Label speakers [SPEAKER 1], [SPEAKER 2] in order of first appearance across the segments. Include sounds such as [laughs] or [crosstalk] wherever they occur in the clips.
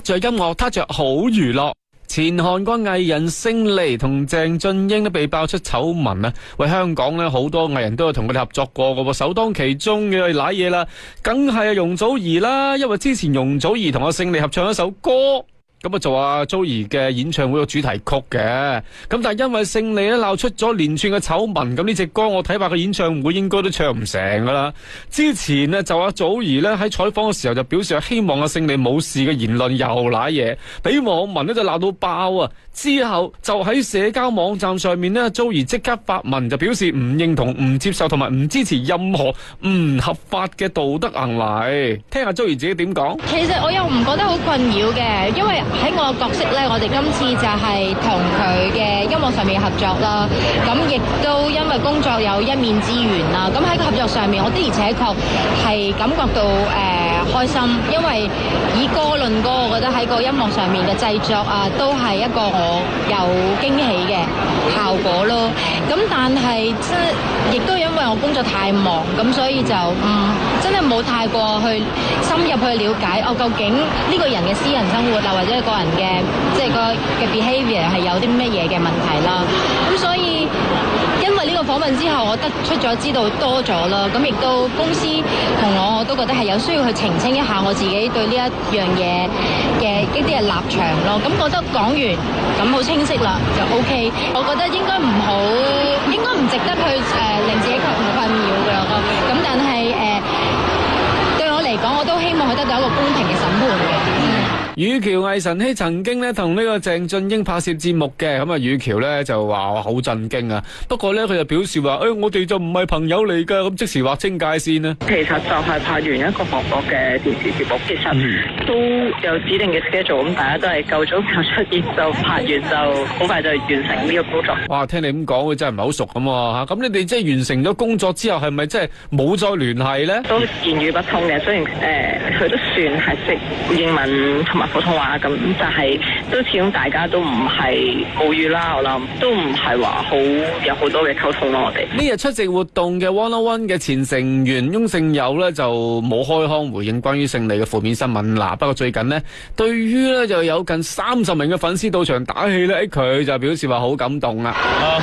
[SPEAKER 1] 睇著音樂，他着好娛樂。前韓國藝人勝利同鄭俊英都被爆出醜聞啊，喂香港咧好多藝人都有同佢哋合作過噶，首當其衝嘅瀨嘢啦，梗係啊容祖兒啦，因為之前容祖兒同阿勝利合唱一首歌。咁啊，做阿祖兒嘅演唱會個主題曲嘅，咁但係因為勝利咧，鬧出咗連串嘅醜聞，咁呢隻歌我睇怕佢演唱會應該都唱唔成噶啦。之前呢，就阿祖兒呢喺採訪嘅時候就表示希望阿勝利冇事嘅言論又瀨嘢，俾網民呢就鬧到爆啊。之後就喺社交網站上面咧，祖兒即刻發文就表示唔認同、唔接受同埋唔支持任何唔合法嘅道德行為。聽下祖兒自己點講。其
[SPEAKER 2] 實我又唔覺得好困擾嘅，因為。喺我角色咧，我哋今次就係同佢嘅音樂上面合作啦。咁亦都因為工作有一面之緣啦。咁喺個合作上面，我的而且確係感覺到誒。呃開心，因為以歌論歌，我覺得喺個音樂上面嘅製作啊，都係一個我有驚喜嘅效果咯。咁但係，即係亦都因為我工作太忙，咁所以就唔真係冇太過去深入去了解，我究竟呢個人嘅私人生活啊，或者個人嘅即係個嘅 behaviour 係有啲乜嘢嘅問題啦。訪問之後，我得出咗知道多咗啦，咁亦都公司同我我都覺得係有需要去澄清一下我自己對呢一樣嘢嘅一啲嘅立場咯。咁覺得講完咁好清晰啦，就 OK。我覺得應該唔好，應該唔值得去誒、呃、令自己佢困擾㗎。咁但係誒、呃、對我嚟講，我都希望佢得到一個公平嘅審判嘅。
[SPEAKER 1] 雨僑魏晨熙，曾經咧同呢個鄭俊英拍攝節目嘅，咁啊雨僑咧就話我好震驚啊！不過咧佢就表示話，誒、哎、我哋就唔係朋友嚟噶，咁即時劃清界線啊！其實就係拍完一個韓國嘅電視節目，其實都有指定嘅 schedule，咁大家都係夠早就出現，就拍完，就好快就完成呢個工作。哇！聽你咁講，佢真係唔係好熟咁吓。咁你哋即係完成咗工作之後，係咪即係
[SPEAKER 3] 冇再聯繫咧？都言語不通嘅，雖然誒佢、呃、都算係識英文同普通話咁，但係都始終大家都唔係母語啦，我諗都唔係話好有好多嘅溝通咯，
[SPEAKER 1] 我哋。呢日出席活動嘅 One On One 嘅前成員翁勝友咧就冇開腔回應關於勝利嘅負面新聞啦。不過最近呢，對於咧就有近三十名嘅粉絲到場打氣咧，佢就表示話好感動啦。啊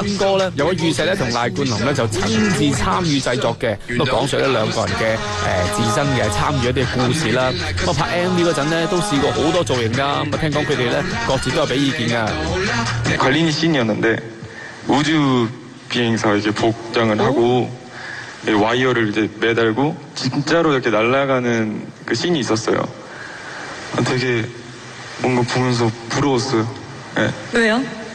[SPEAKER 1] 恩哥咧有個預製咧，同賴冠霖咧就親自參與製作嘅，都講述咧兩個人嘅誒自身嘅參與一啲故事啦。咁啊拍 MV 嗰陣咧，都試過好多造型㗎。咁啊聽講佢哋咧各自都有俾意見㗎。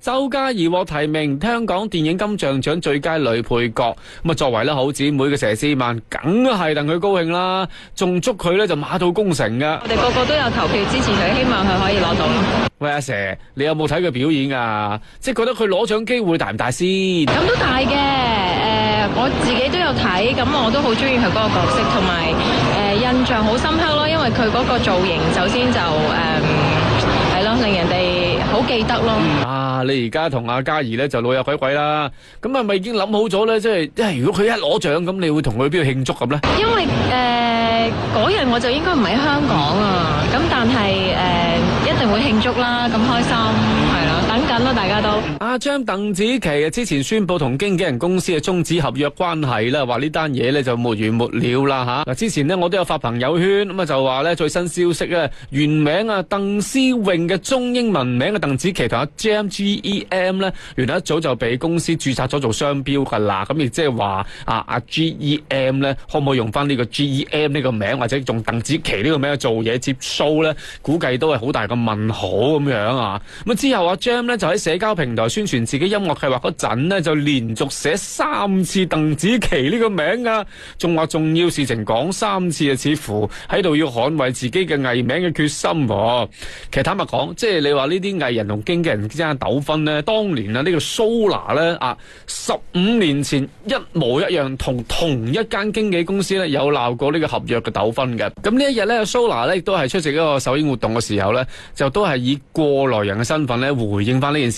[SPEAKER 1] 周家怡獲提名香港電影金像獎最佳女配角，咁啊作為咧好姊妹嘅佘詩曼，梗係戥佢高興啦，仲祝佢咧就馬到功成嘅。我
[SPEAKER 2] 哋個個都有投票支持佢，希望佢可以攞到。
[SPEAKER 1] 喂阿佘，你有冇睇佢表演啊？即係覺得佢攞獎機會大唔大先？咁都
[SPEAKER 2] 大嘅，誒我自己都有睇，咁我都好中意佢嗰個角色，同埋誒印象好深刻咯，因為佢嗰個造型首先就誒。呃好記得
[SPEAKER 1] 咯！啊，你而家同阿嘉怡咧就老友鬼鬼啦，咁係咪已經諗好咗咧，即係即係如果佢一攞獎，咁你會同佢去邊度慶祝咁咧？
[SPEAKER 2] 因為誒嗰日我就應該唔喺香港啊，咁但係誒、呃、一定會慶祝
[SPEAKER 1] 啦，咁開心。大家都阿、啊、張鄧紫棋啊，之前宣布同經紀人公司嘅終止合約關係啦，話呢單嘢咧就沒完沒了啦吓。嗱，之前咧我都有發朋友圈咁啊，就話咧最新消息啊原名啊鄧思穎嘅中英文名嘅鄧紫棋同阿 JAM G E M 咧，原來一早就俾公司注冊咗做商標噶啦。咁亦即係話啊阿 G E M 咧，可唔可以用翻呢個 G E M 呢個名或者用鄧紫棋呢個名做嘢接 show 咧？估計都係好大個問號咁樣啊。咁之後阿 jam 咧就喺社交平台宣傳自己音樂計劃嗰陣咧，就連續寫三次鄧紫棋呢個名啊，仲話重要事情講三次啊，似乎喺度要捍衛自己嘅藝名嘅決心啊。其實坦白講，即係你話呢啲藝人同經紀人之間嘅糾紛咧，當年啊、這個、呢個蘇娜咧啊，十五年前一模一樣同同一間經紀公司咧有鬧過呢個合約嘅糾紛嘅。咁呢一日咧，蘇娜咧亦都係出席一個首映活動嘅時候咧，就都係以過來人嘅身份呢回應翻呢件事。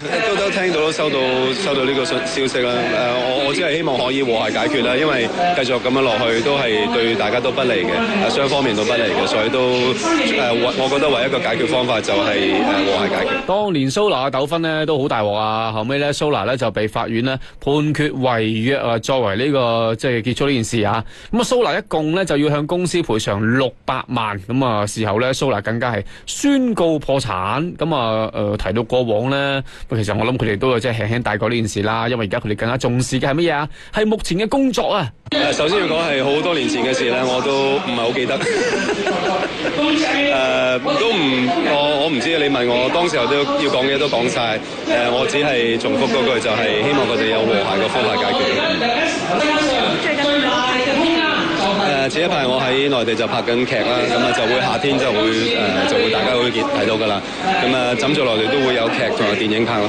[SPEAKER 1] 都都聽到都收到收到呢個訊消息啦。誒、呃，我我真係希望可以和諧解決啦，因為繼續咁樣落去都係對大家都不利嘅，雙方面都不利嘅，所以都誒，我、呃、我覺得唯一一個解決方法就係誒和諧解決。當年蘇娜嘅糾紛呢都好大鑊啊，後尾呢蘇娜呢就被法院呢判決違約啊，作為呢、呢個即係、就是、結束呢件事啊。咁啊，蘇娜一共呢就要向公司賠償六百萬。咁啊，事後呢蘇娜更加係宣告破產。咁啊，誒、呃、提到過往呢。其實我諗佢哋都有即係輕輕帶過呢件事啦，因為而家佢哋更加重視嘅係乜嘢啊？係目前嘅工作啊！誒、呃，首先要講係好多年前嘅事咧，我都唔係好記得。誒、 [laughs] 呃，都唔，我我唔知你問我，當時候都要講嘢都講晒。誒、呃，我只係重複嗰句，就係、是、希望佢哋有和諧嘅方法解決。前一排我喺內地就拍緊劇啦，咁啊就會夏天就會誒、呃，就會大家會見睇到噶啦。咁啊，枕在內地都會有劇同埋電影拍咯。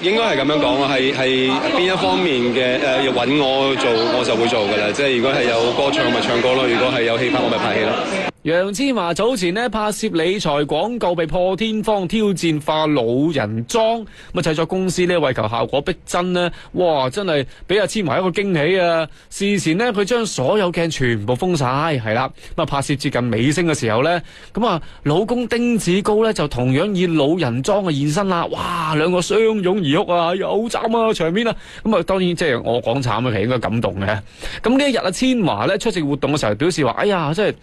[SPEAKER 1] 應該係咁樣講啦，係係邊一方面嘅，誒？要、呃、揾我做，我就會做噶啦。即係如果係有歌唱，咪唱歌咯；如果係有戲拍，我咪拍戲咯。楊千嬅早前咧拍攝理財廣告，被破天荒挑戰化老人裝，咁啊，製作公司咧為求效果逼真咧，哇，真係俾阿千嬅一個驚喜啊！事前咧，佢將所有鏡全部封晒，係啦。咁啊，拍攝接近尾聲嘅時候咧，咁啊，老公丁子高咧就同樣以老人裝嘅現身啦。哇，兩個相擁而泣啊，好慘啊，場面啊。咁啊，當然即係我講慘啊，其實應該感動嘅。咁呢一日阿千嬅咧出席活動嘅時候表示話，哎呀，真係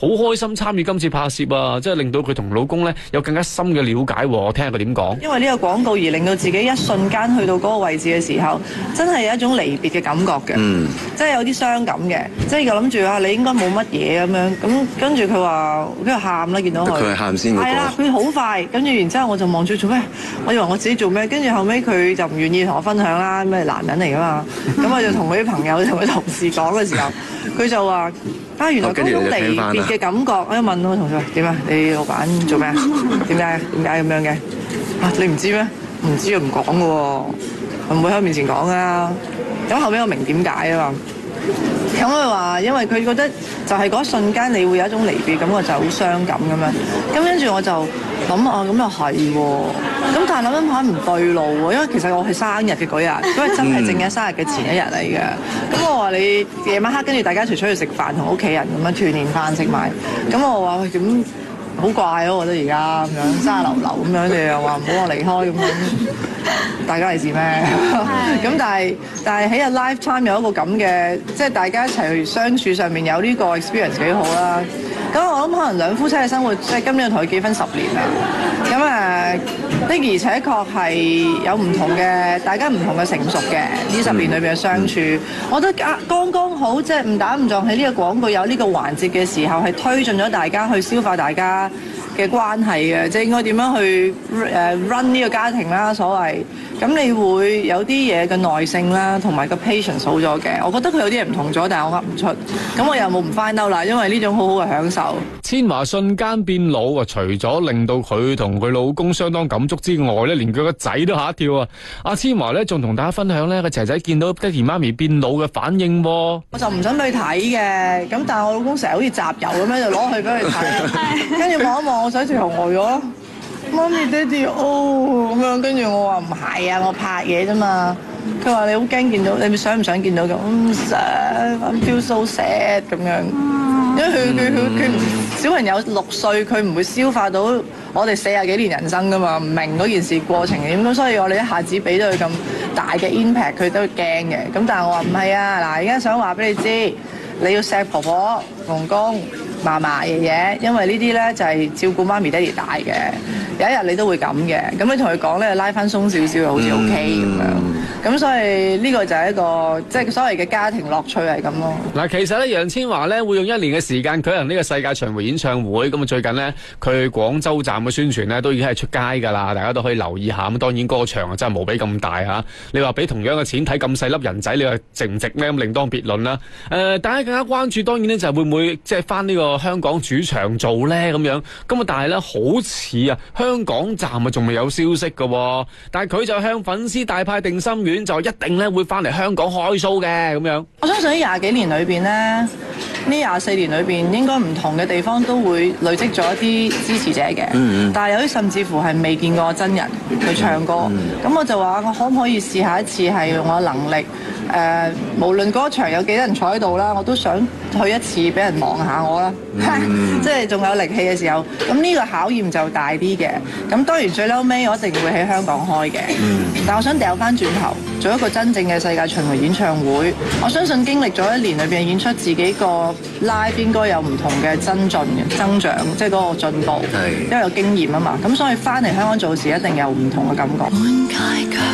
[SPEAKER 1] 好開。開心參與今次拍攝啊！即係令到佢同老公咧有更加深嘅了解。我聽下佢點講。
[SPEAKER 3] 因為呢個廣告而令到自己一瞬間去到嗰個位置嘅時候，真係有一種離別嘅感覺嘅。嗯即。即係有啲傷感嘅。即係就諗住啊，你應該冇乜嘢咁樣。咁跟住佢話，跟住喊啦，見到佢。佢係喊先嘅。係啊，佢好快。跟住然之後，我就望住做咩？我以為我自己做咩。跟住後尾佢就唔願意同我分享啦。咩男人嚟噶嘛？咁我就同佢啲朋友同佢 [laughs] 同事講嘅時候，佢就話。啊！原來嗰種離別嘅感覺，我一問我同事，點啊？你老闆做咩啊？點解？點解咁樣嘅？啊！你唔知咩？唔知啊，又唔講嘅喎，唔會喺我面前講啊。咁後尾我明點解啊嘛。咁佢話：因為佢覺得就係嗰一瞬間，你會有一種離別感覺，就好傷感咁樣。咁跟住我就。咁啊，咁又係喎，咁但係諗諗下唔對路喎，因為其實我係生日嘅嗰日，嗯、因為真係正嘅生日嘅前一日嚟嘅。咁我話你夜晚黑跟住大家一齊出去食飯，同屋企人咁樣鍛鍊翻食埋。咁我話喂，咁好怪咯，我覺得而家咁樣，沙漏漏咁樣，你又話唔好我離開咁樣，大家嚟自咩？咁是 [laughs] 但係但係喺日 lifetime 有一個咁嘅，即係大家一齊去相處上面有呢個 experience 幾好啦。咁我諗可能兩夫妻嘅生活即係今年同佢結婚十年啦。咁誒，的而且確係有唔同嘅，大家唔同嘅成熟嘅呢十年裏邊嘅相處，嗯、我覺得剛剛好即係唔打唔撞喺呢個廣告有呢個環節嘅時候，係推進咗大家去消化大家。嘅關係嘅，即係應該點樣去誒 run 呢個家庭啦，所謂咁你會有啲嘢嘅耐性啦，同埋個 patience 好咗嘅。 [music] 我覺得佢有啲嘢唔同咗，但係我噏唔出。咁我又冇唔 find out 啦？因為呢種好好嘅享受。
[SPEAKER 1] 千嬅瞬間變老啊！除咗令到佢同佢老公相當感觸之外咧，連佢個仔都嚇一跳啊！阿千嬅咧，仲同大家分享咧，個仔仔見到爹哋媽咪變老嘅反應，我
[SPEAKER 3] 就唔想俾佢睇嘅。咁但係我老公成日好似集郵咁樣就攞去俾佢睇，跟住望一望，我仔就又呆咗。媽咪、爹哋，哦咁樣，跟住我話唔係啊，我拍嘢啫嘛。佢話你好驚見到，你咪想唔想見到咁？唔想，I feel so sad 咁樣。因為佢佢佢唔。小朋友六歲，佢唔會消化到我哋四十幾年人生噶嘛，唔明嗰件事過程點樣，咁所以我哋一下子俾咗佢咁大嘅 impact，佢都驚嘅。咁但係我話唔係啊，嗱，而家想話俾你知，你要錫婆婆、公公、嫲嫲、爺爺，因為呢啲呢就係照顧媽咪、爹哋大嘅。有一日你都會咁嘅，咁你同佢講咧，拉翻鬆少少，好似 OK 咁樣。咁所以呢個就係一個即係所謂嘅家庭樂趣係咁
[SPEAKER 1] 咯。嗱，其實咧楊千嬅咧會用一年嘅時間舉行呢個世界巡迴演唱會。咁啊最近咧佢廣州站嘅宣傳咧都已經係出街㗎啦。大家都可以留意下。咁當然歌場啊真係無比咁大嚇。你話俾同樣嘅錢睇咁細粒人仔，你話值唔值咧？咁另當別論啦。誒，大家更加關注當然咧就係會唔會即係翻呢個香港主場做咧咁樣。咁啊但係咧好似啊香。香港站啊，仲未有消息噶，但係佢就向粉絲大派定心丸，就一定咧會
[SPEAKER 3] 翻嚟香港開 show 嘅咁樣。我相信廿幾年裏邊咧，呢廿四年裏邊，應該唔同嘅地方都會累積咗一啲支持者嘅。Mm hmm. 但係有啲甚至乎係未見過真人去唱歌，咁、mm hmm. 我就話我可唔可以試下一次，係用我能力誒、呃，無論嗰場有幾多人坐喺度啦，我都想去一次俾人望下我啦，即係仲有力氣嘅時候。咁呢個考驗就大啲嘅。咁當然最嬲尾我一定會喺香港開嘅， [coughs] 但我想掉翻轉頭做一個真正嘅世界巡迴演唱會。我相信經歷咗一年裏邊演出自己個 live 應該有唔同嘅增進、增長，即係嗰個進步，對因為有經驗啊嘛。咁所以翻嚟香港做事，一定有唔同嘅感覺。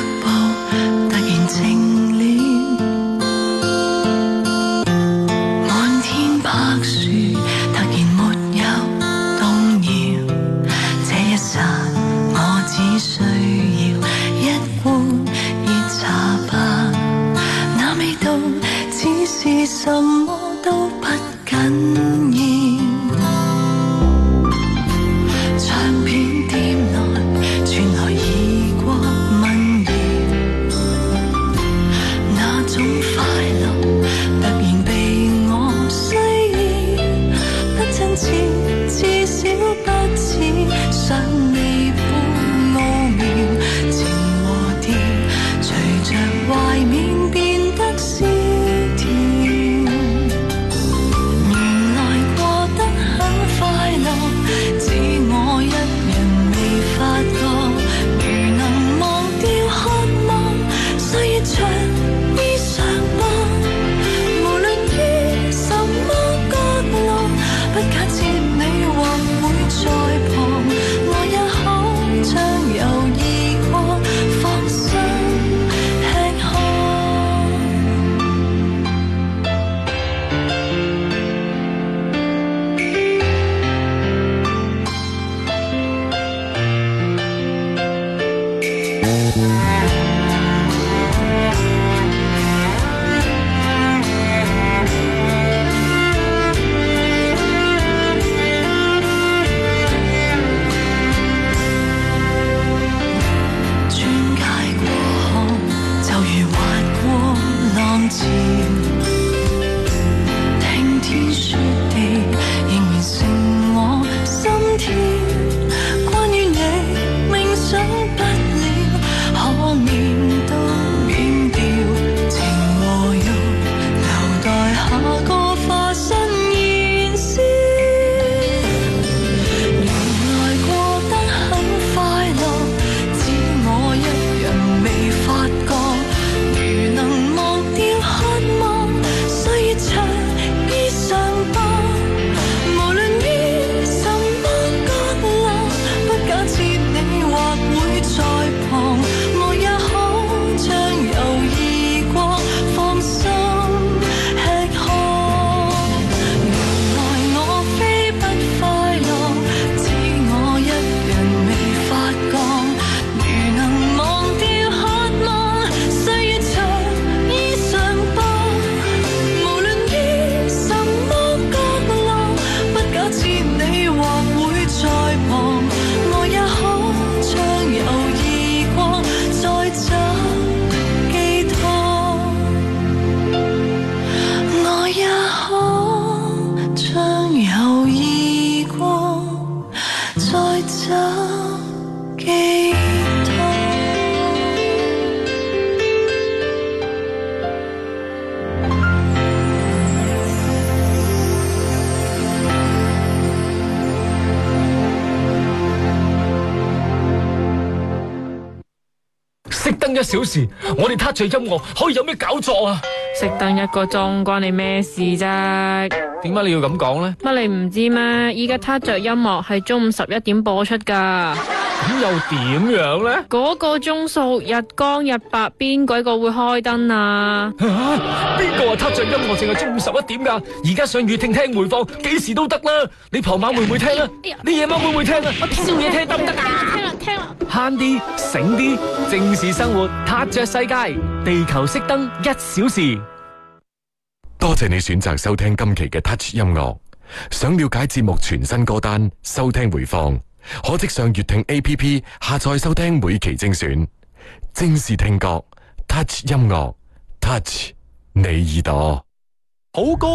[SPEAKER 1] 一小時，我哋撻著音樂可以有咩
[SPEAKER 3] 搞作啊？熄燈一個鐘，關你咩事啫？點解你要咁講咧？乜你唔知咩？依家撻著音樂係中午十一點播出噶。咁又
[SPEAKER 1] 點樣咧？
[SPEAKER 3] 嗰個鐘數日光日白，邊鬼個會開燈啊？邊個話 Touch 音樂淨係中午
[SPEAKER 1] 十一點噶？而家上樂廳聽聽回放，幾時都得啦。你傍晚會唔會聽啊？你夜晚會唔會聽啊？我宵夜聽得唔得噶？聽啦，聽啦，慳啲，醒啲，正視生活，Touch 着世界，地球熄燈一小時。多謝你選擇收聽今期嘅 Touch 音樂。想了解節目全新歌單，收聽回放。可即上粵聽 A P P 下載收聽每期精選，正視聽覺 Touch 音樂 Touch 你耳朵，好歌。